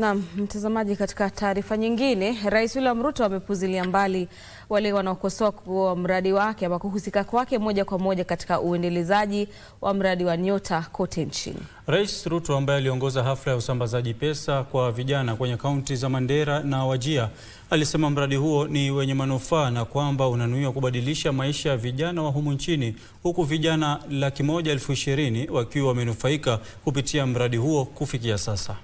Naam, mtazamaji, katika taarifa nyingine, Rais William Ruto amepuzilia mbali wale wanaokosoa kuwa mradi wake ama kuhusika kwake moja kwa moja katika uendelezaji wa mradi wa Nyota kote nchini. Rais Ruto ambaye aliongoza hafla ya usambazaji pesa kwa vijana kwenye kaunti za Mandera na wajia alisema mradi huo ni wenye manufaa na kwamba unanuiwa kubadilisha maisha ya vijana wa humu nchini, huku vijana laki moja elfu ishirini wakiwa wamenufaika kupitia mradi huo kufikia sasa.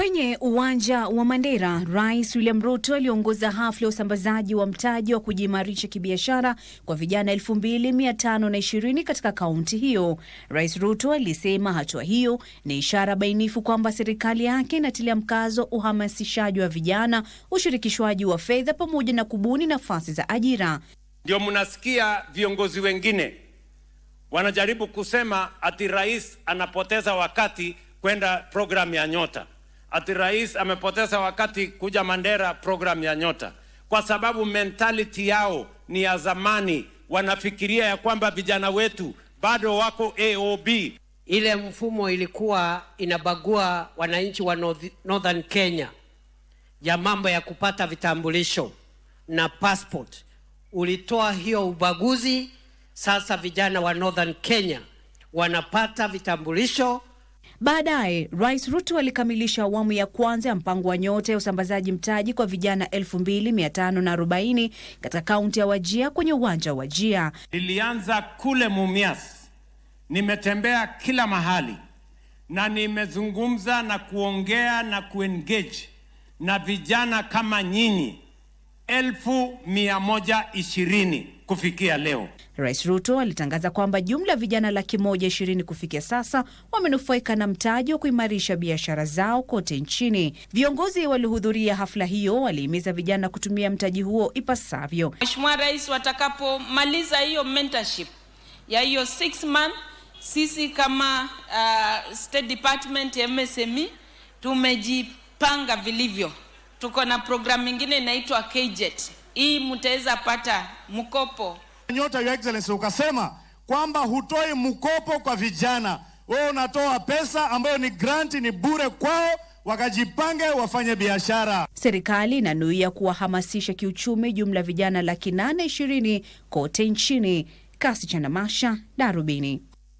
Kwenye uwanja wa Mandera, Rais William Ruto aliongoza hafla ya usambazaji wa mtaji wa kujiimarisha kibiashara kwa vijana 2520 katika kaunti hiyo. Rais Ruto alisema hatua hiyo ni ishara bainifu kwamba serikali yake inatilia mkazo uhamasishaji wa vijana, ushirikishwaji wa fedha pamoja na kubuni nafasi za ajira. Ndio mnasikia viongozi wengine wanajaribu kusema ati rais anapoteza wakati kwenda programu ya Nyota ati rais amepoteza wakati kuja Mandera program ya Nyota, kwa sababu mentality yao ni ya zamani. Wanafikiria ya kwamba vijana wetu bado wako AOB. Ile mfumo ilikuwa inabagua wananchi wa North, Northern Kenya ya mambo ya kupata vitambulisho na passport, ulitoa hiyo ubaguzi. Sasa vijana wa Northern Kenya wanapata vitambulisho Baadaye Rais Ruto alikamilisha awamu ya kwanza ya mpango wa Nyota ya usambazaji mtaji kwa vijana 2540 katika kaunti ya Wajia kwenye uwanja wa Wajia. Nilianza kule Mumias, nimetembea kila mahali na nimezungumza na kuongea na kuengage na vijana kama nyinyi elfu mia moja ishirini kufikia leo. Rais Ruto alitangaza kwamba jumla vijana laki moja ishirini kufikia sasa wamenufaika na mtaji wa kuimarisha biashara zao kote nchini. Viongozi waliohudhuria hafla hiyo walihimiza vijana kutumia mtaji huo ipasavyo. Mheshimiwa Rais, watakapomaliza hiyo mentorship ya hiyo six month, sisi kama uh, State Department ya MSME tumejipanga vilivyo. Tuko na programu ingine inaitwa KJET. Hii mtaweza pata mkopo nyota Your Excellency, ukasema kwamba hutoi mkopo kwa vijana, wewe unatoa pesa ambayo ni granti, ni bure kwao wakajipange wafanye biashara. Serikali inanuia kuwahamasisha kiuchumi jumla vijana laki nane ishirini kote nchini. Kasi cha Namasha, Darubini.